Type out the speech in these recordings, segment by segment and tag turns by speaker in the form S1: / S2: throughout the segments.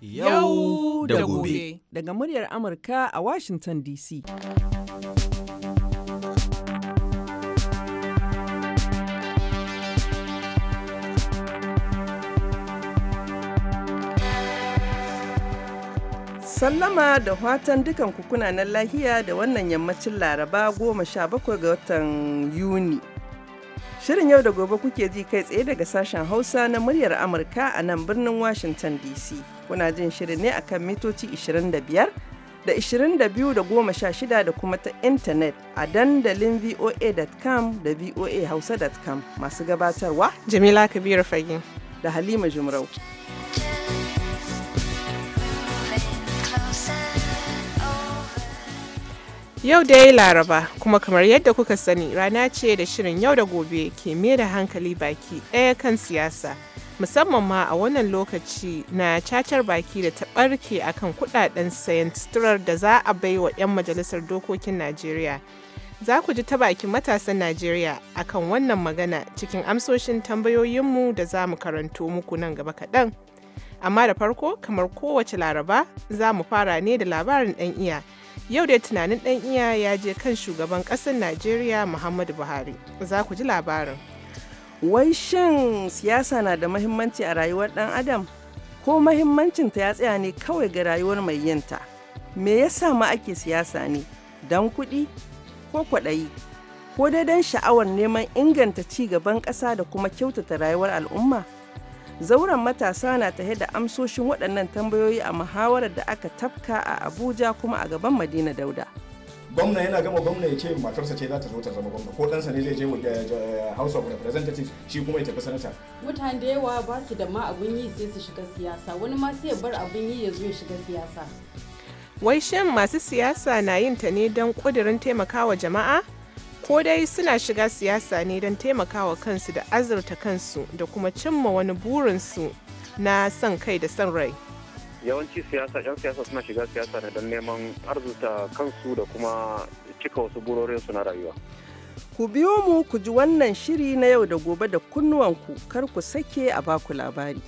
S1: yau da gobe
S2: daga muryar Amurka a Washington DC. Sallama da fatan dukan na lahiya da wannan yammacin Laraba 17 ga watan Yuni. Shirin yau da gobe kuke ji kai tsaye daga sashen Hausa na muryar Amurka a nan birnin Washington DC. Kuna jin shirin ne a kan mitoci 25 da 22 da 16 da kuma ta intanet a dandalin voa.com da voahausa.com masu gabatarwa Jamila Kabiru Fagin da Halima Jumrau.
S3: Yau dai Laraba kuma kamar yadda kuka sani rana ce da shirin yau da gobe ke da hankali baki ɗaya kan siyasa musamman ma a wannan lokaci na cacar baki da ta ɓarke kan kuɗaɗen sayan suturar da za a bai wa 'yan majalisar dokokin Najeriya. Za ku ji ta bakin matasan Najeriya akan wannan magana cikin amsoshin tambayoyinmu da za mu karanto muku nan gaba kaɗan. Amma da farko kamar kowace laraba za mu fara ne da labarin ɗan iya. Yau dai tunanin ɗan iya ya je kan shugaban ƙasar Najeriya Muhammadu Buhari. Za ku ji labarin. Wai shin siyasa na da mahimmanci a rayuwar ɗan adam? Ko mahimmancinta
S2: ya tsaya ne kawai ga rayuwar mai yinta? Me yasa ma ake siyasa ne? Don kuɗi ko kwaɗayi? ko dai don sha'awar neman inganta ci gaban ƙasa da kuma kyautata rayuwar al'umma? zauren matasa na tahe da amsoshin waɗannan tambayoyi a muhawarar da aka tafka a abuja kuma a gaban madina dauda
S4: gwamna yana gama gwamna ya ce matarsa ce za ta zo ta zama gwamna ko ɗansa ne zai je eh, eh, house of representatives shi kuma
S3: ya tafi sanata
S5: mutane da yawa ba su da ma abun yi sai su shiga siyasa wani ma sai ya bar abun yi ya zo ya shiga siyasa
S3: wai shin masu siyasa na yin ta ne don ƙudurin taimakawa jama'a ko dai suna shiga siyasa ne don taimakawa kansu da azurta kansu da kuma cimma wani burinsu na son kai da son rai
S6: yawanci siyasa yan siyasa suna shiga siyasa ne don neman arzuta kansu da kuma cika wasu burorinsu na rayuwa
S2: ku biyo mu ku ji wannan shiri na yau da gobe da kunnuwanku kar ku sake a baku labari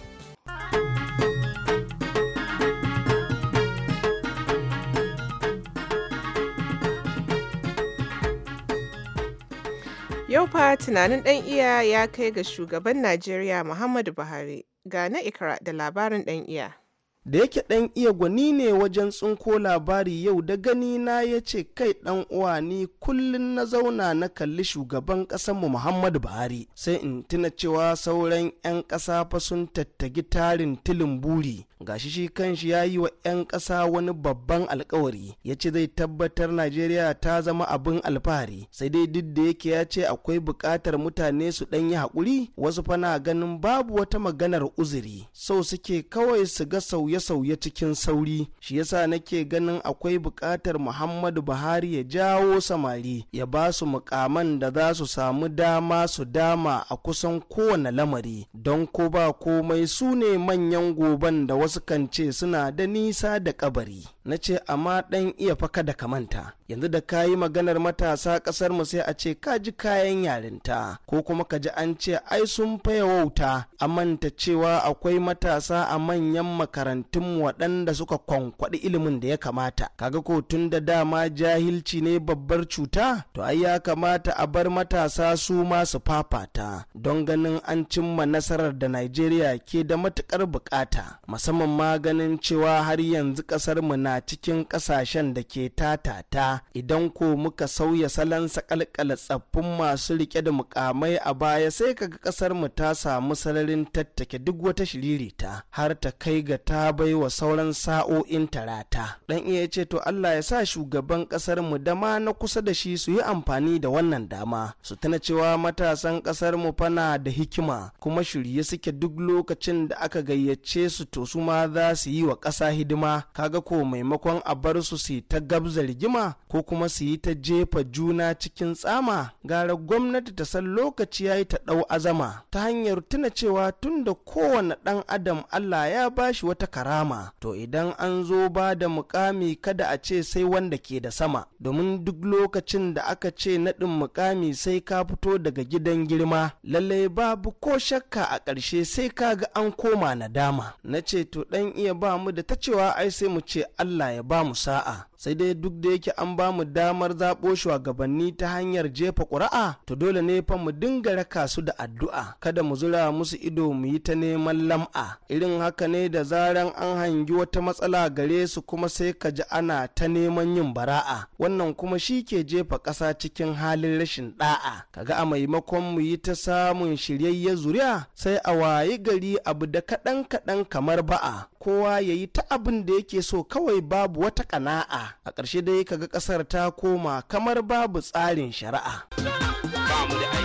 S3: Yau fa tunanin ɗan iya ya kai ga shugaban Najeriya Muhammadu Buhari ga na ikra da labarin ɗan iya.
S7: da yake ɗan iya gwani ne wajen tsinko labari yau da gani na ya ce kai ɗan uwa ni kullum na zauna na kalli shugaban ƙasarmu muhammadu buhari sai in tuna cewa sauran 'yan ƙasa fa sun tattagi tarin tilin buri gashi shi kan shi ya yi wa 'yan ƙasa wani babban alkawari ya ce zai tabbatar najeriya ta zama abin alfahari sai dai duk da yake ya ce akwai buƙatar mutane su ɗan yi haƙuri wasu fana ganin babu wata maganar uzuri sau suke kawai su ga sau sauye-sauye cikin sauri shi yasa nake ganin akwai buƙatar muhammadu buhari ya jawo samari ya ba su mukaman da za su samu dama su dama a kusan kowane lamari don ko ba komai su ne manyan goban da wasu kan ce suna da nisa da kabari na ce amma ɗan iya faka da kamanta yanzu da ka yi maganar matasa ƙasarmu mu sai a ce ka ji kayan yarinta ko kuma ka ji an ce ai sun faya wauta a manta cewa akwai matasa a manyan makarantun waɗanda suka kwankwaɗi ilimin da ya kamata kaga ko tun da dama jahilci ne babbar cuta to ai ya kamata a bar matasa su ma su fafata don ganin an cimma nasarar da Najeriya ke da matukar bukata musamman ma ganin cewa har yanzu kasar mu na cikin ƙasashen da ke tatata idan ko muka sauya salon sakalkala tsaffin masu rike da mukamai a baya sai kaga kasar mu ta samu sararin tattake duk wata shiririta har ta kai ga ta bai wa sauran sa'o'in tarata dan iya ce to Allah ya sa shugaban kasar mu da ma na kusa da shi su yi amfani da wannan dama su tana cewa matasan kasar mu fana da hikima kuma shirye suke duk lokacin da aka gayyace su to su ma za su yi wa ƙasa hidima kaga ko maimakon a bar su su ta gabza rigima ko kuma su yi ta jefa juna cikin tsama gara gwamnati ta san lokaci ya yi ta ɗau azama ta hanyar tuna cewa tun da kowane ɗan adam Allah ya ba shi wata karama to idan an zo ba da mukami kada a ce sai wanda ke da sama domin duk lokacin da aka ce naɗin mukami sai ka fito daga gidan girma lallai babu ko shakka a ƙarshe sai ka ga an koma nadama na ce to ɗan iya ba mu da ta cewa ai sai mu ce Allah ya ba mu sa'a sai dai duk da yake an ba mu damar zaɓo shugabanni ta hanyar jefa ƙuri'a to dole ne fa mu dinga raka su da addu'a kada mu zura musu ido mu yi ta neman lam'a irin haka ne da zaran an hangi wata matsala gare su kuma sai ka ji ana ta neman yin bara'a wannan kuma shi ke jefa ƙasa cikin halin rashin ɗa'a Ka ga a maimakon mu yi ta samun shiryayyen zuriya sai a wayi gari abu da kaɗan kaɗan kamar ba'a kowa ya yi ta abin da yake so kawai babu wata ƙana'a a ƙarshe dai kaga ƙasar ta koma kamar babu tsarin shari'a mu ina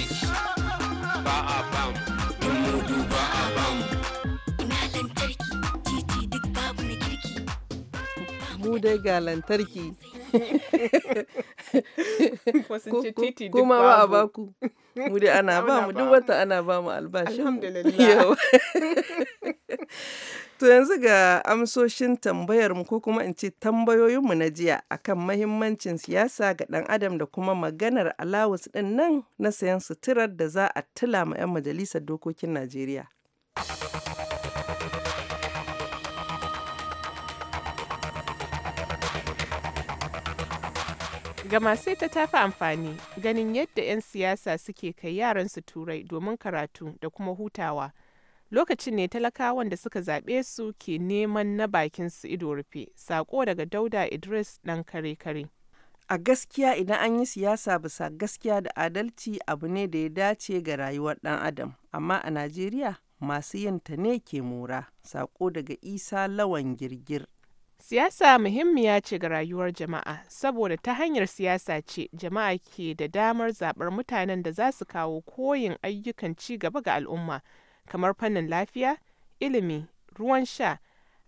S7: lantarki
S2: titi duk babu na kirki dai ga lantarki kuma ba a baku mu dai ana ba mu duk wata ana ba mu albashi To yanzu ga amsoshin tambayarmu mu ko kuma in ce tambayoyinmu na jiya akan mahimmancin siyasa ga ɗan adam da kuma maganar alawus ɗin nan na sayan suturar da za a tila ma 'yan majalisar dokokin Najeriya.
S3: Ga masu ta tafi amfani ganin yadda 'yan siyasa suke kai yaransu turai domin karatu da kuma hutawa. lokacin ne talakawan da suka zaɓe su ke neman na bakin su ido rufe saƙo daga dauda idris ɗan kare kare a gaskiya idan an yi siyasa bisa gaskiya da adalci abu ne
S2: da ya dace ga rayuwar ɗan adam amma a najeriya masu yin ta ne ke mura
S3: saƙo daga isa lawan girgir Siyasa muhimmiya ce ga rayuwar jama'a, saboda ta hanyar siyasa ce jama'a ke da damar zaɓar mutanen da za su kawo koyin ayyukan ci gaba ga al'umma kamar fannin lafiya, ilimi, ruwan sha,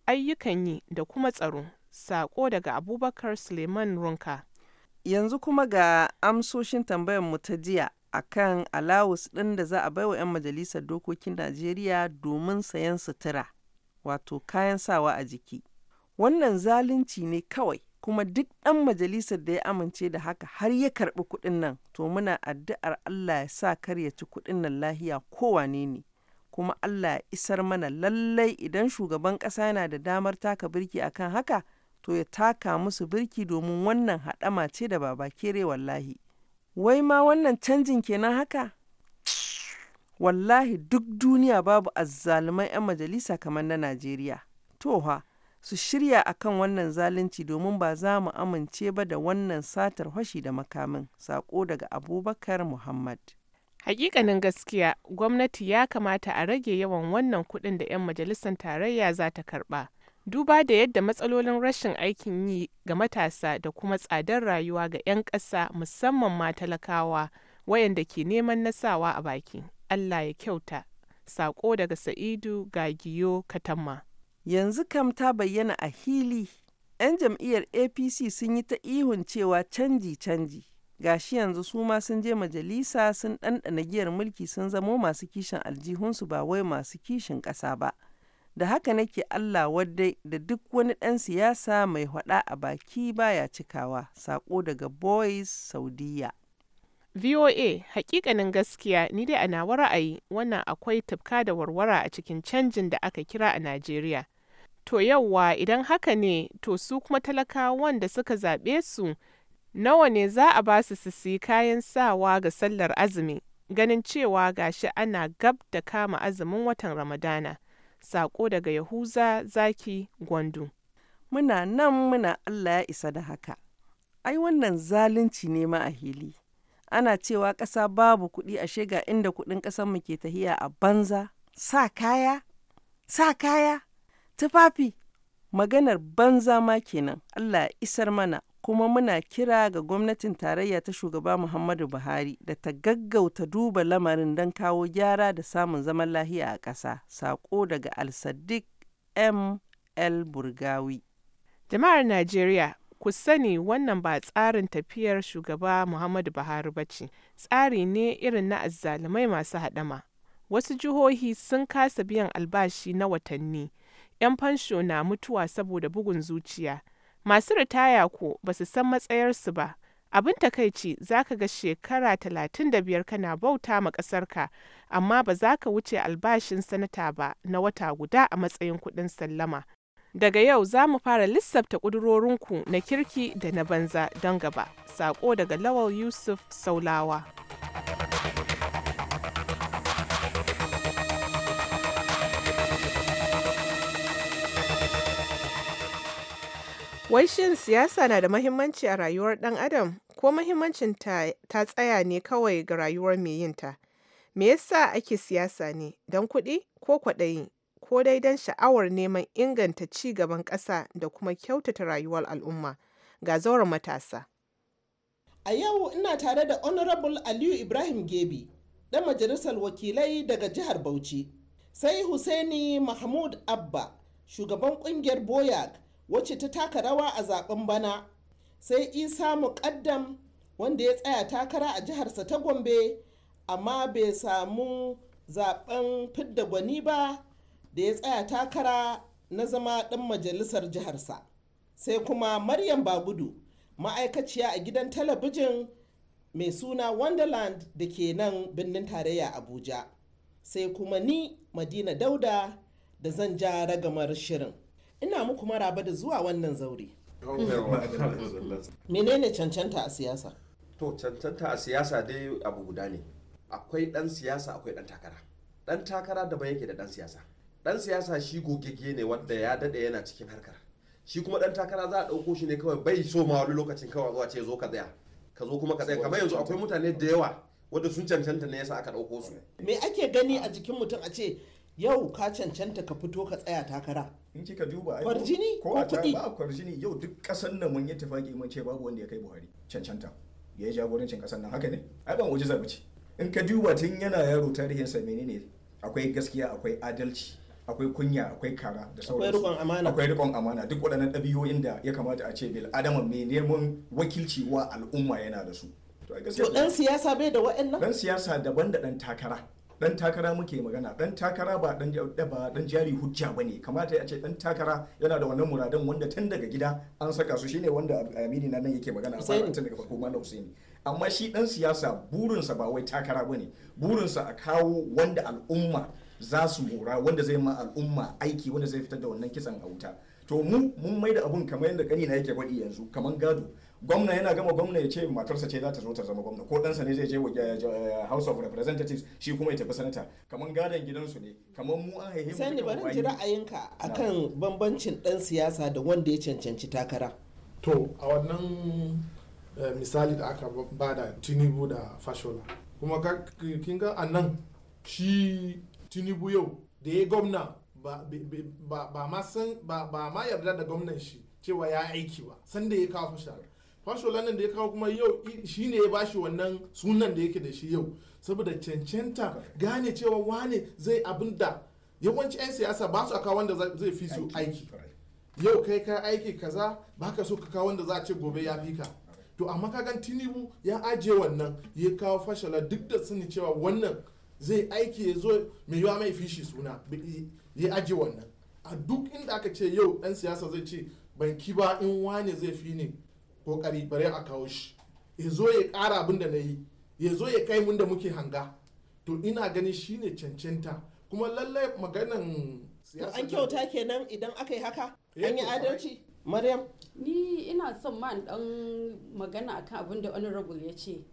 S3: ayyukan yi da kuma tsaro. Saƙo daga Abubakar Suleiman Runka. Yanzu kuma ga amsoshin tambayarmu ta jiya a kan
S2: alawus ɗin da za a bai wa 'yan majalisar dokokin Najeriya domin sayan sutura, wato kayan sawa a jiki. Wannan zalunci ne kawai, kuma duk ɗan majalisar da ya amince da haka har ya karɓi kuɗin nan, to muna addu'ar Allah ya sa kar ya ci kuɗin nan lahiya kowane ne. kuma Allah ya isar mana lallai idan shugaban ƙasa yana da damar taka birki akan haka to ya taka musu birki domin wannan haɗama ce da baba kere wallahi wai ma wannan canjin kenan haka wallahi duk duniya babu azzalumai 'yan majalisa kamar na Najeriya toha su shirya akan wannan zalunci domin ba za mu amince
S3: ba da wannan satar hashi da makamin sako daga Abubakar Muhammad Hakikanin gaskiya, gwamnati ya kamata a rage yawan wannan kuɗin da 'yan majalisar tarayya za ta karɓa, duba da yadda matsalolin rashin aikin yi ga matasa da kuma tsadar rayuwa ga 'yan ƙasa musamman ma talakawa wayanda ke neman nasawa a baki. Allah ya kyauta. saƙo daga Sa'idu Gagiyo Katamma. Yanzu kam ta bayyana a hili,
S2: 'yan jam'iyyar APC sun yi ta ihun cewa canji canji. gashi yanzu su ma sun je majalisa sun ɗanɗana giyar mulki sun zamo masu kishin aljihunsu ba wai masu kishin ƙasa ba da haka nake Allah wadai da duk wani ɗan siyasa mai haɗa a baki baya
S3: cikawa saƙo daga boys saudiya VOA hakikanin gaskiya ni dai a nawa ra'ayi wannan akwai tafka da warwara a cikin canjin da aka kira a Najeriya. To yauwa idan haka ne to su kuma talakawan da suka zaɓe su nawa ne za a ba su sisi kayan sawa ga sallar azumi ganin cewa ga shi ana gab da kama azumin watan Ramadana. Saƙo daga Yahuza Zaki Gwandu. Muna nan muna Allah ya isa da haka.
S2: Ai wannan zalunci ne ma a hili. Ana cewa ƙasa babu kuɗi ashe ga inda kuɗin ƙasanmu ke tahiya a banza. Sa kaya? Sa kaya? Tufafi? maganar banza ma kenan Allah ya isar mana kuma muna kira ga gwamnatin tarayya ta shugaba Muhammadu Buhari da ta gaggauta duba lamarin don kawo gyara da samun zaman lahiya a ƙasa. Sako daga Al-Sadiq
S3: M. L. Burgawi. Jama'ar Najeriya, ku sani wannan ba tsarin tafiyar shugaba Muhammadu Buhari ba ce, tsari ne irin na azzalumai masu haɗama. Wasu jihohi sun kasa biyan albashi na watanni. ‘Yan fansho na mutuwa saboda bugun zuciya, masu ritaya ko ba su san matsayarsu ba, abin takaici za ka ga shekara talatin da biyar kana bauta ma ƙasarka amma ba za ka wuce albashin Sanata ba na wata guda a matsayin kuɗin sallama. Daga yau za mu fara lissafta ƙudurorinku na kirki da na banza don gaba. Sako daga Lawal Yusuf Saulawa. Wai shin siyasa na da mahimmanci a rayuwar ɗan adam ko mahimmancin ta tsaya ne kawai ga rayuwar mai yinta? Me yasa ake siyasa ne, don kuɗi ko kwaɗayi, ko dai don sha'awar neman inganta ci gaban ƙasa da kuma kyautata rayuwar al'umma? Ga zauren matasa. A yau ina tare da Honorable Aliyu Ibrahim Gebi,
S8: ɗan majalisar wakilai daga jihar Bauchi, sai Husaini Mahmud Abba, shugaban ƙungiyar Boyak wacce ta taka rawa a zaben bana sai isa muƙaddam wanda ya tsaya takara a jiharsa ta gombe amma bai samu zaben fidda gwani ba da ya tsaya takara na zama ɗan majalisar jiharsa sai kuma maryam babudu ma'aikaciya a gidan talabijin mai suna wonderland da ke nan birnin tarayya abuja sai kuma ni madina dauda da zan ja ragamar shirin ina muku maraba da zuwa wannan zaure. Menene cancanta a siyasa? To cancanta a siyasa dai abu guda ne.
S9: Akwai dan siyasa akwai dan takara. dan takara daban yake da dan siyasa. dan siyasa shi gogegge ne wanda ya dade yana cikin harkar. Shi kuma dan takara za a dauko shi ne kawai bai so ma wani lokacin kawai zuwa ce zo ka tsaya. Ka zo kuma ka tsaya kamar yanzu akwai mutane da yawa wanda sun cancanta ne
S4: yasa aka dauko su.
S8: Me ake gani a jikin mutum a ce yau ka cancanta ka fito ka tsaya
S4: takara? in kika duba ai kwarjini ko a ba kwarjini yau duk kasan nan mun yi tafaki mun ce babu wanda ya kai Buhari cancanta ya yi jagorancin kasan nan haka ne ai ban waje zabi ce in ka duba tun yana yaro tarihin sa menene akwai gaskiya akwai adalci akwai kunya akwai kara da sauransu akwai rikon amana akwai rikon amana duk waɗannan ɗabi'o'in da ya kamata a ce bil adama mai neman wakilci wa al'umma yana da su to dan siyasa bai da wa'annan dan siyasa daban da dan takara dan takara muke magana dan takara ba dan eh, ba dan jari hujja bane kamata ya ce dan takara yana da wannan muradan wanda tun daga gida an saka su shine wanda Aminu na nan yake magana a tun daga farko Malam Husaini amma shi dan siyasa burinsa ba wai takara bane burinsa a kawo wanda al'umma za su mora wanda zai ma al'umma aiki wanda zai fitar da wannan kisan a wuta to mu mun maida abun kamar yadda kanina yake baɗi yanzu kamar gado gwamna yana gama gwamna ya ce matarsa ce za ta zo ta zama gwamna ko ɗansa ne zai je eh, eh, house of representatives shi kuma ya tafi sanata kamar gadon gidansu ne kamar mu an haihe sani barin ji
S8: ra'ayinka akan bambancin ɗan siyasa da wanda ya cancanci takara to a wannan eh, misali da aka ba da tinubu da fashola kuma
S10: kin ga a nan shi tinubu yau da ya gwamna ba ma yarda da gwamnan shi cewa ya aiki ba sanda ya kawo fashola Fashe nan da ya kawo kuma yau shi ne ya bashi wannan sunan da yake da shi yau saboda cancanta gane cewa wane zai abin da yawanci 'yan siyasa ba su a kawo wanda zai fi su aiki yau kai ka aiki kaza ba ka so ka kawo wanda za a ce gobe ya fi ka to amma ka gan tinubu ya ajiye wannan ya kawo fashala duk da sani cewa wannan zai aiki ya zo mai yawa mai fishi suna ya ajiye wannan a duk inda aka ce yau 'yan siyasa zai ce ban ki ba in wane zai fi ne kokari bare a kawo shi ya zo ya ƙara abin da na yi ya zo ya kai mun da muke hanga to ina ganin shine cancanta kuma lallai maganan siyasa an kyauta
S5: kenan idan aka yi haka eh, an yi adalci maryam ni ina son man dan magana akan abin da honorable ya ce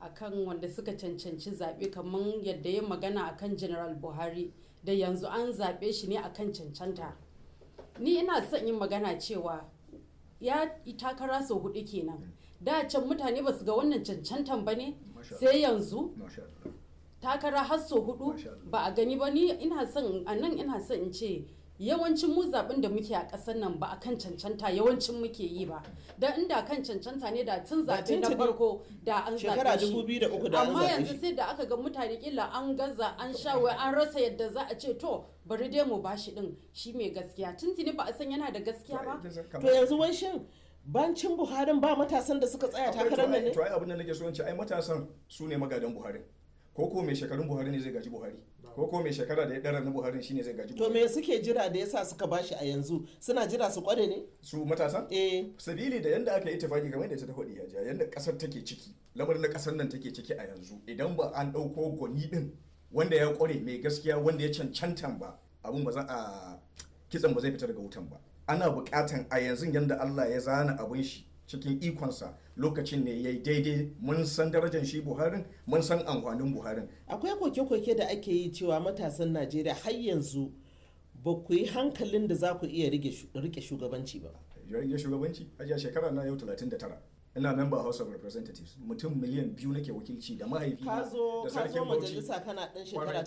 S5: akan wanda suka cancanci zaɓe kamar yadda ya magana akan general buhari da yanzu an zaɓe shi ne akan cancanta ni ina son yin magana cewa ya takara sau hudu kenan mm. da can mutane ba su ga wannan cancantan ba ne sai yanzu takara har sau hudu ba a gani ba ni ina son a nan ina son in ce yawancin mu zaɓin da muke a ƙasar nan ba a kan cancanta yawancin muke yi ba da inda kan cancanta ne da tun zaɓe na farko da an zaɓe shi amma yanzu sai da aka ga mutane kila an gaza an shawo an rasa yadda za a ce to bari dai mu bashi din shi mai gaskiya tuntuni ba a san yana da gaskiya ba to yanzu
S8: wai shin bancin buharin ba matasan da suka tsaya takarar nan ne to ai
S4: abin da nake so in ce ai matasan su ne magadan buharin ko ko mai shekarun buhari ne zai gaji buhari ko ko mai shekara da ya dara na buhari shine zai gaji Buhari? to me suke jira da yasa suka bashi a yanzu suna jira su kware ne su matasa eh sabili da yanda aka yi tafaki kamar yadda ta faɗi ya ja yanda kasar take ciki lamarin na kasar nan take ciki a yanzu idan ba an ɗauko gwani din wanda ya kware mai gaskiya wanda ya cancanta ba abun ba za a kitsan ba zai fita daga wutan ba ana buƙatan a yanzu yanda Allah ya zana abun shi cikin ikonsa lokacin ne ya yi daidai mun san darajar shi buharin mun san amfanin buharin
S8: akwai koke-koke da ake yi cewa matasan najeriya har yanzu ba ku yi hankalin da za ku
S4: iya rike shugabanci ba rike shugabanci a shekara na yau 39 ina member house of representatives mutum miliyan biyu nake wakilci da mahaifi da sarkin bauchi ka
S8: dan shekara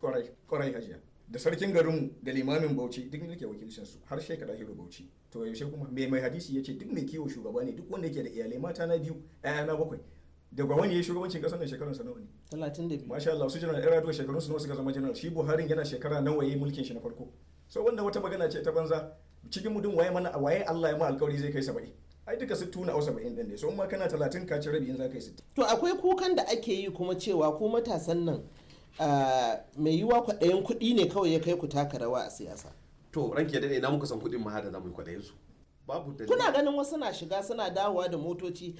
S4: kwarai kwarai hajiya da sarkin garin da limamin bauchi duk ne ke wakilcin su har shekara hiro bauchi to yaushe kuma mai mai hadisi yace duk mai kiwo shugaba ne duk wanda yake da iyalai mata na biyu ɗaya na bakwai da wani ya shugabancin kasar nan shekarun nawa ne 32 masha Allah su general Erado shekarun su nawa suka zama general shi Buhari yana shekara nawa yayi mulkin shi na farko so wanda wata magana ce ta banza cikin mudun waye mana waye Allah ya ma alƙawari zai kai 70 ai duka 60 na 70 din ne so in ma kana 30 ka ci rabi in za ka yi 60 to akwai kukan da ake yi kuma
S8: cewa ko matasan nan mai yiwa kwaɗayin kuɗi ne kawai ya kai ku taka rawa a siyasa to ranke da ina muka san kuɗin ma da zamu kwaɗayin su babu dalili kuna ganin wasu na shiga suna dawowa da motoci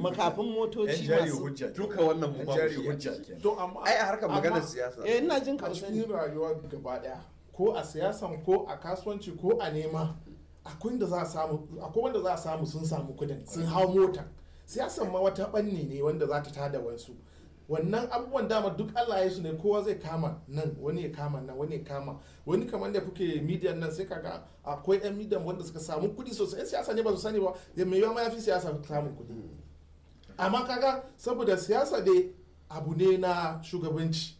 S9: makafin motoci masu duka wannan mu babu shi to amma ai a harkar maganar siyasa eh ina
S8: jin sani rayuwa gaba ɗaya.
S10: ko a siyasan ko a kasuwanci ko a nema akwai wanda za a samu sun samu kudin sun hau mota siyasan ma wata banne ne wanda za ta tada wasu wannan abubuwan dama duk Allah ya su ne kowa zai kama nan wani ya kama nan wani ya kama wani kamar da kuke midiyan nan sai kaga akwai yan midiyan wanda suka samu kuɗi sosai yan siyasa ne ba su sani ba ya mai yawa ya fi siyasa samun kuɗi hmm. amma kaga saboda siyasa dai abu ne na shugabanci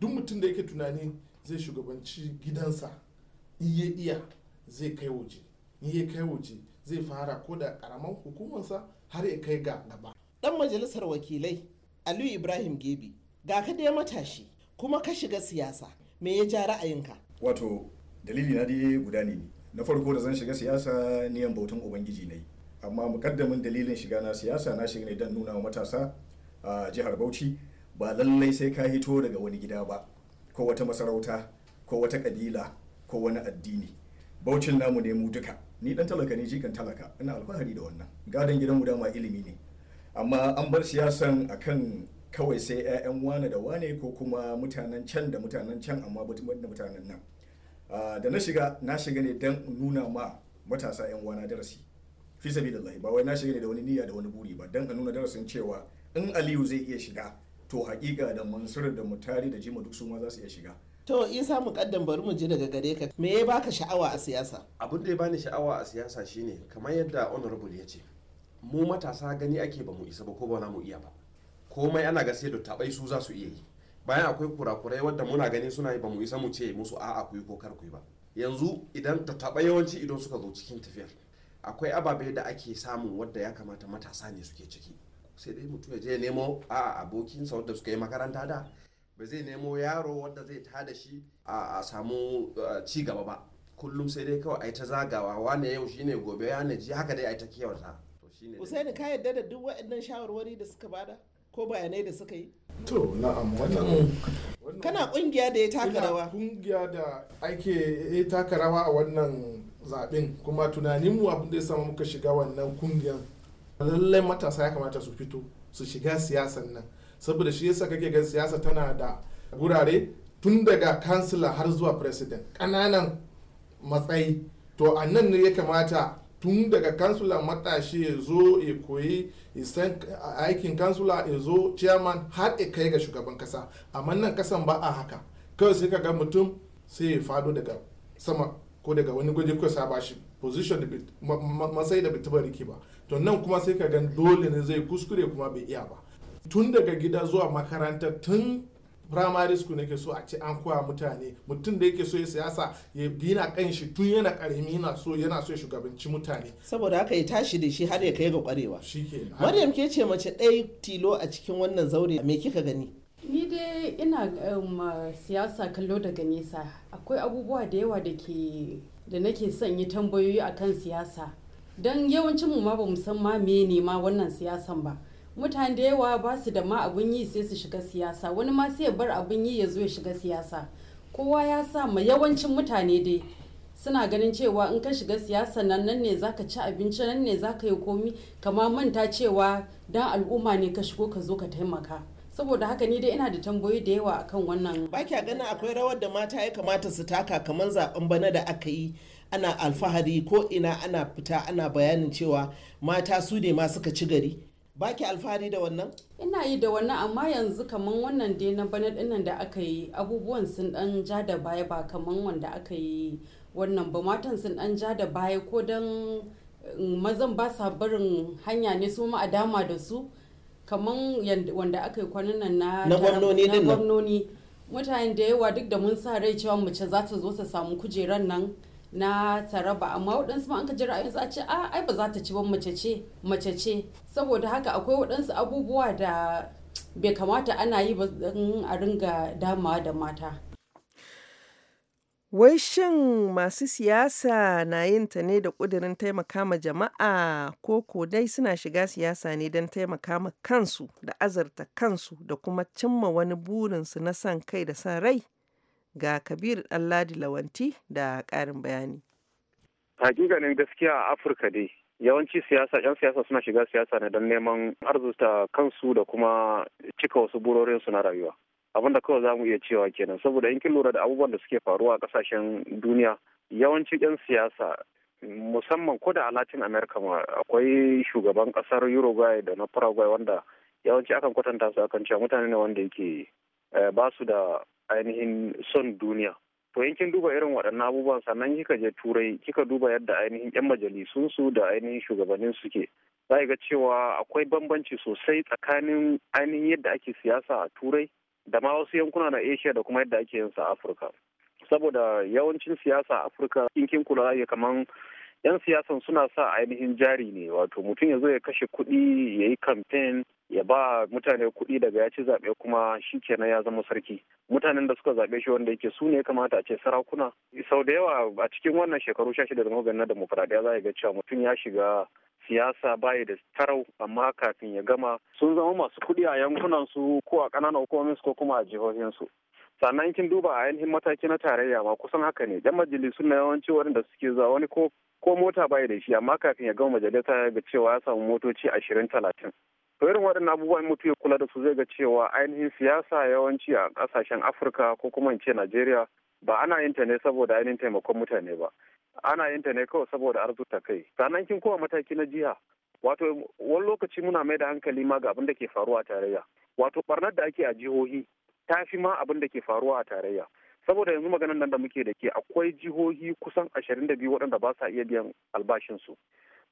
S10: duk mutum da yake tunani zai shugabanci gidansa iya iya zai kai waje iya kai waje zai fara
S8: ko da karaman sa har ya kai ga gaba dan majalisar wakilai aliyu ibrahim gebi ga ka dai matashi kuma ka shiga siyasa me ya ja ra'ayinka
S4: wato dalili na dai guda ne na farko da zan shiga siyasa niyan bautan ubangiji ne amma mukaddamin dalilin shiga na siyasa na shiga ne don nuna wa matasa a jihar bauchi ba lallai sai ka hito daga wani gida ba ko wata masarauta ko wata kabila ko wani addini Bauchin namu ne mu duka ni dan talaka ne jikan talaka ina alfahari da wannan gadon gidanmu dama ilimi ne amma an bar siyasan akan kawai sai 'ya'yan wane da wane ko kuma mutanen can da mutanen can amma da mutanen nan da na shiga na shiga ne don nuna ma matasa 'yan wana darasi fi sabilillahi ba wai na shiga ne da wani niyya da wani buri ba don a nuna darasin cewa in aliyu zai iya shiga to hakika da mansur da mutari da jima duk su ma za su iya shiga to isa mu kaddan bari mu
S8: ji daga gare ka me ya baka sha'awa a siyasa abin da ya bani sha'awa a siyasa shine kamar yadda
S9: honorable ya ce mu matasa gani ake ba mu isa ba ko ba na mu iya ba komai ana ga sai tabai su za su iya yi bayan akwai kurakurai wadda muna gani suna yi ba mu isa mu ce musu a'a ku yi ko kar ku yi ba yanzu idan ta taba yawanci idan suka zo cikin tafiyar akwai ababe da ake samun wadda ya kamata matasa ne suke ciki sai dai mutum ya je nemo a abokinsa wadda suka yi makaranta da ba zai nemo yaro wadda zai ta da shi a samu ci gaba ba kullum sai dai kawai ai ta zagawa wane yau shine gobe ya ji haka dai ai ta kewarta usaini
S8: ka yadda da duk waɗannan shawarwari da suka bada ko bayanai da suka yi
S4: to na'am wannan mm.
S8: kana kungiya da ya taka rawa kungiya da
S10: ake ya taka rawa a wannan zaɓen kuma tunaninmu abin da ya samu muka shiga wannan kungiyan lallai matasa ya kamata su fito su shiga siyasan nan saboda shi yasa kake gan siyasa tana da gurare tun daga kansila har zuwa president ƙananan matsayi to a nan ne ya kamata tun daga kansula matashi ya zo ya koyi isan aikin kansula ya zo chairman har ya kai ga shugaban kasa amma nan kasan ba a haka kawai sai ga mutum sai ya fado daga sama ko daga wani gwaje ko sa shi position da matsayi da bitaba rike ba to nan kuma sai ka gan dole ne zai kuskure kuma bai iya ba tun daga gida zuwa makaranta tun primary school nake so a ce an koya mutane mutum da yake so ya siyasa ya gina kan shi tun yana karami yana so yana so ya shugabanci mutane
S8: saboda haka ya tashi da shi har ya kai ga kwarewa Maryam ke ce mace ɗaya tilo a cikin wannan zaure me kika gani
S5: ni dai ina um, siyasa kallo daga nesa akwai abubuwa da yawa da ke da nake son yi tambayoyi akan siyasa dan yawancin mu ma ba mu san ma me ne ma wannan siyasan ba mutane da yawa ba su da ma abun yi sai su shiga siyasa wani ma sai ya bar abin yi ya zo ya shiga siyasa kowa ya sa ma yawancin mutane dai suna ganin cewa in ka shiga siyasa nan nan ne ka ci abinci nan ne za ka yi komi kama manta cewa dan al'umma ne ka shigo ka zo ka taimaka saboda haka ni dai ina da tambayoyi da yawa akan wannan ba kya ganin akwai rawar da mata ya kamata su taka
S8: kamar zaben bana da aka yi ana alfahari ko ina ana fita ana bayanin cewa mata su ne ma suka ci gari
S5: ba ki alfahari da wannan ina yi da wannan amma yanzu kaman wannan dai na bana dinnan da aka yi abubuwan sun dan ja da baya ba kaman wanda aka yi wannan ba matan sun dan ja da baya ko dan mm, mazan ba sa barin hanya ne su ma a dama da su kaman wanda aka yi kwanan nan na gwamnoni mutane da yawa duk da mun sa rai cewa mace za ta zo ta samu kujeran nan na taraba amma waɗansu ma an ka ji ra'ayin a ce a ah, ai ba za ta ci ba mace ce saboda haka akwai waɗansu abubuwa da bai kamata ana yi ba a ringa dama da mata
S2: Wai shin masu siyasa na yin ta ne da ƙudurin taimaka ma jama'a ko ko dai suna shiga siyasa ne don taimaka ma kansu da azarta kansu da kuma cimma wani burinsu na san kai da san rai? ga kabir ɗanladi lawanti da Karin bayani
S6: hakikanin gaskiya a afirka dai yawanci siyasa yan siyasa suna shiga siyasa ne don neman arzuta kansu da kuma cika wasu burorin su na rayuwa abin da kawai za mu iya cewa kenan saboda in kin lura da abubuwan da suke faruwa a kasashen duniya yawanci yan siyasa musamman ko da a latin america ma akwai shugaban kasar uruguay da na paraguay wanda yawanci akan kwatanta su akan cewa mutane ne wanda yake eh, ba su da ainihin son duniya to in kin duba irin waɗannan abubuwan sannan kika je turai kika duba yadda ainihin yan majalisun su da ainihin shugabannin suke za ga cewa akwai bambanci sosai tsakanin ainihin yadda ake siyasa a turai da ma wasu yankuna na asia da kuma yadda ake yin sa afirka saboda yawancin siyasa a afirka in kin kula ya kaman yan siyasan suna sa ainihin jari ne wato mutum ya zo ya kashe kuɗi ya yi kamfen ya ba mutane kuɗi daga ya ci zaɓe kuma shi kenan ya zama sarki mutanen da suka zaɓe shi wanda yake su ne kamata a ce sarakuna sau da yawa a cikin wannan shekaru sha shida da muka na demokuraɗiyya za a ga cewa mutum ya shiga siyasa bayi da tarau amma kafin ya gama sun zama masu kuɗi a yankunan su ko a ƙananan hukumomin ko kuma a jihohin su sannan kin duba a ainihin mataki na tarayya ma kusan haka ne jan majalisu na yawanci waɗanda suke zuwa wani ko ko mota baya da shi amma kafin ya gama majalisa ya ga cewa ya samu motoci ashirin talatin to irin waɗannan abubuwan mutu ya kula da su zai ga cewa ainihin siyasa yawanci a ƙasashen afirka ko kuma in ce najeriya ba ana yin ta ne saboda ainihin taimakon mutane ba ana yin ta ne kawai saboda arzuta kai sannan kin kowa mataki na jiha wato wani lokaci muna mai da hankali ma ga abin da ke faruwa a tarayya wato barnar da ake a jihohi ta fi ma abin da ke faruwa a tarayya saboda yanzu maganan nan da muke da ke akwai jihohi kusan ashirin da biyu waɗanda ba sa iya biyan albashinsu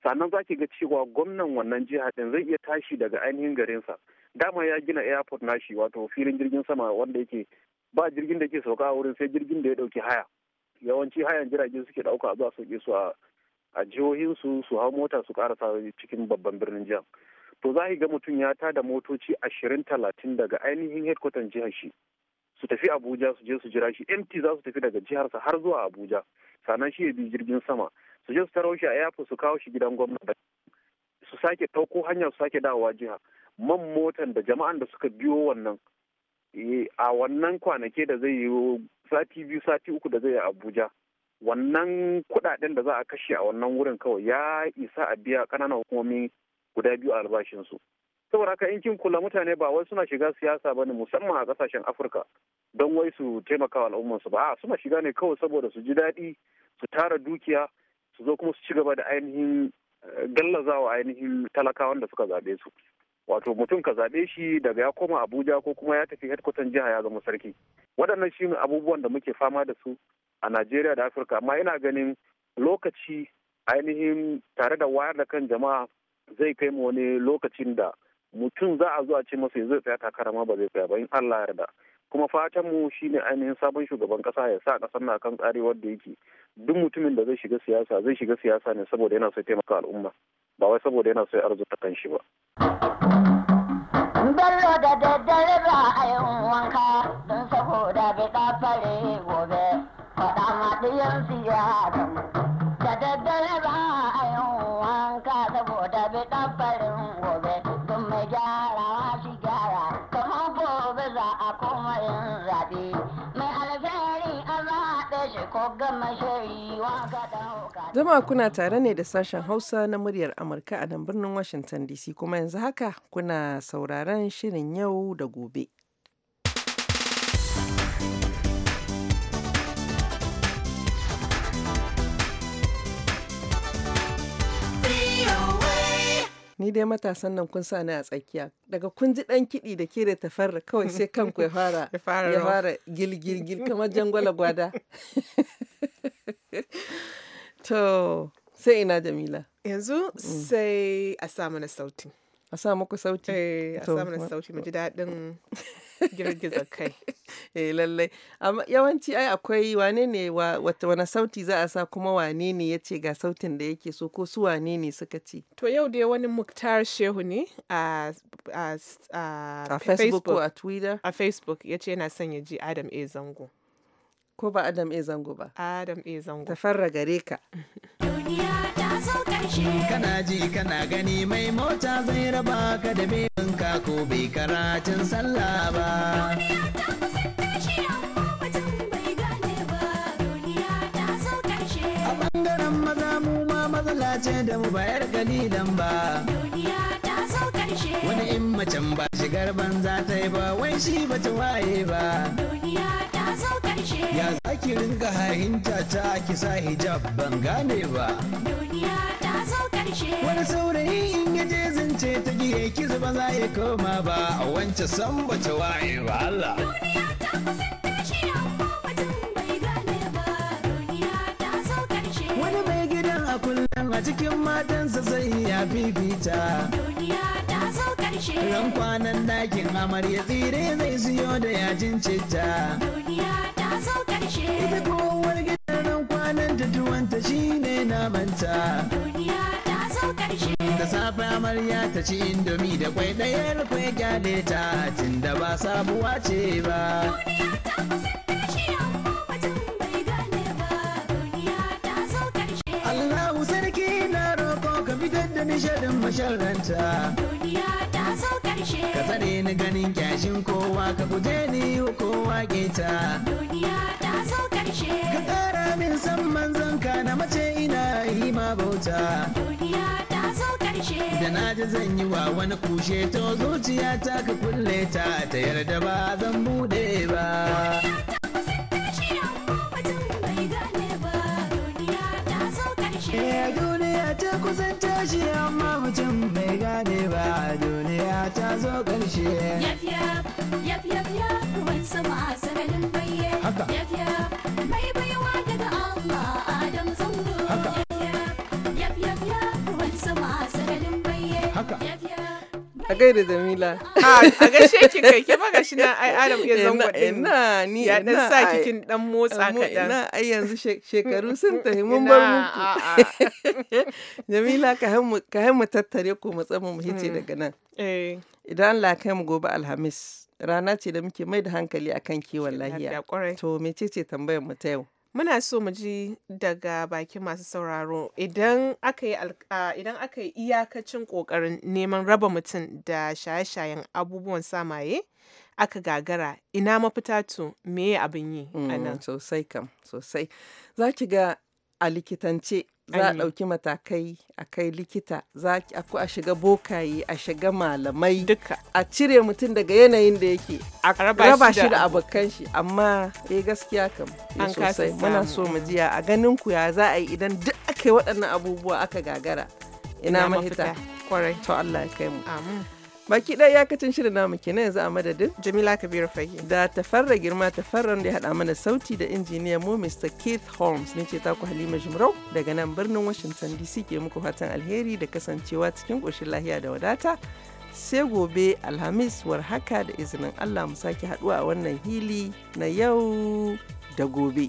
S6: sannan za ki ga cewa gwamnan wannan jiha ɗin zai iya tashi daga ainihin garinsa dama ya gina airport nashi wato filin jirgin sama wanda yake ba jirgin da ke sauka a wurin sai jirgin da ya dauki haya yawanci hayan jirage suke dauka a zuwa sauke su a jihohinsu su hau mota su karasa cikin babban birnin jihar to za ga mutum ya tada motoci ashirin talatin daga ainihin headquarter jihar shi su tafi abuja su je su jira shi mt za su tafi daga jiharsa har zuwa abuja sannan shi ya bi jirgin sama su je su tarau shi a airport su kawo shi gidan gwamnati su sake ɗauko hanyar su sake dawowa jiha man motan da jama'an da suka biyo wannan eh, a wannan kwanake da zai yi sati biyu sati uku da zai yi abuja wannan kudaden da za a kashe a wannan wurin kawai ya isa a biya ƙananan hukumomi guda biyu a albashinsu saboda haka in kin kula mutane ba wai suna shiga siyasa ba ne musamman a kasashen afirka don wai su taimaka wa al'ummarsu ba a suna shiga ne kawai saboda su ji daɗi su tara dukiya su zo kuma su ci gaba da ainihin eh, gallazawa ainihin talakawan da suka zaɓe su wato mutum ka zaɓe shi daga ya koma abuja ko kuma ya tafi hedkwatan jiha ya zama sarki waɗannan shi abubuwan da muke fama da su a najeriya da afirka amma ina ganin lokaci ainihin tare da wayar da kan jama'a zai kai mu wani lokacin da mutum za a zo a ce masa yanzu tsaya takara ma ba zai tsaya ba in Allah ya yarda kuma fatan mu shine ainihin sabon shugaban kasa ya sa kasar na kan tsari wanda yake duk mutumin da zai shiga siyasa zai shiga siyasa ne saboda yana so taimaka al'umma ba wai saboda yana so ya arzuta kan shi ba.
S2: jama'a kuna tare ne da sashen Hausa na muryar Amurka a nan birnin Washington DC kuma yanzu haka kuna sauraron shirin yau da gobe. ni dai matasan nan kun sa ni a tsakiya daga kun ji dan kiɗi da ke da tafarra kawai sai kanku ya fara ya fara gilgilgil kamar jangwala gwada To, sai ina Jamila. Yanzu mm. sai a sa mana sauti. A sa muku sauti? Eh, a sa mana sauti, mu ji daɗin girgiza kai. Eh, lallai. Yawanci ai akwai wane ne wane sauti za a sa kuma wane ne ya ce ga sautin da yake so ko su wane ne suka ce.
S3: To yau dai wani Muktar Shehu ne a Facebook. A Facebook ko a Twitter? A Facebook ya ce yana son ya ji Adam A. Zango. ko ba Adam A Zango ba? Adam A Zango. Ta
S2: farra gare ka.
S1: Duniya ta zo ƙarshe. Kana ji kana gani mai mota zai raba ka da bebin ka ko bai karatun sallah ba. Duniya ta kusa tashi amma mutum bai gane ba. Duniya ta zo ƙarshe. A bangaren maza mu ma matsala ce da mu bayar galilan ba. Duniya ta wani in macen ba shigar banza ta yi ba wai shi ba ta waye ba duniya ta zo karshe ya za ki ringa hahinta ta ki sa hijab ban gane ba wani saurayi in ya je zance ta gihe ki zuba za ya koma ba a wance san ba ta waye ba Allah duniya ta bai zo karshe wani gidan a kullum a cikin matansa zai ya bibita duniya ta zo karshe ran kwanan dakin amarya tsire zai siyo da yajin citta duniya ta zo karshe ita kowar gidan ran kwanan ta shine namanta duniya ta zo karshe da safe amarya ta ci indomi da kwai ɗayar kwai ta tunda ba sabuwa ce ba duniya ta da nishadin masharanta duniya ta sau karshe ka tsare ni ganin kyashin kowa ka guje ni kowa ta duniya ta sau karshe ka kara min san manzon ka na mace ina yi ma bauta duniya ta sau karshe da na ji zan yi wa wani kushe to zuciya ta ka kulle ta ta yarda ba zan bude ba kashiya ma mutum bai gane ba duniya ta zo ƙarshe yaf sama a sanadin bayyana
S2: gaida Jamila. A gaishe ki kai ki ba gashi na ai Adam ya eh, zangwaɗe. Ina eh, ni ya dan sa kikin
S3: dan motsa kaɗan. Ina ai yanzu
S2: shekaru sun tafi mun bar muku. Jamila ka hai mu tattare ko mu tsama mu hice hmm. daga nan. Eh. Idan Allah kai mu gobe Alhamis. Rana ce da muke mai da hankali akan kiwon lahiya. To mecece tambayar mu ta yau?
S3: Muna so mu ji daga bakin masu sauraro idan aka yi iyakacin ƙoƙarin neman raba mutum da shaye-shayen abubuwan samaye aka gagara ina mafita to meye abin yi a mm, nan. Sosai kam sosai.
S2: Za ki ga a likitance za a ɗauki matakai a kai likita za a shiga bokaye a shiga malamai duka a cire mutum daga yanayin da yake
S3: a raba shi da
S2: abokan shi amma eh gaskiya kam eh, an sosai muna so mu jiya a ganin ku ya za a yi idan duk aka waɗannan abubuwa aka gagara
S3: ina mafita
S2: kwarai to Allah ya kai mu amin Baki ɗaya yakacin shirin namu kenan yanzu a madadin. Jamila Kabiru Fage. Da tafarra girma tafarran da ya haɗa mana sauti da injiniya mu Mr. Keith Holmes ne ce taku Halima Jumrau daga nan birnin Washington DC ke muku fatan alheri da kasancewa cikin ƙoshin lahiya da wadata. Sai gobe Alhamis war haka da izinin Allah mu sake haɗuwa a wannan hili na yau da gobe.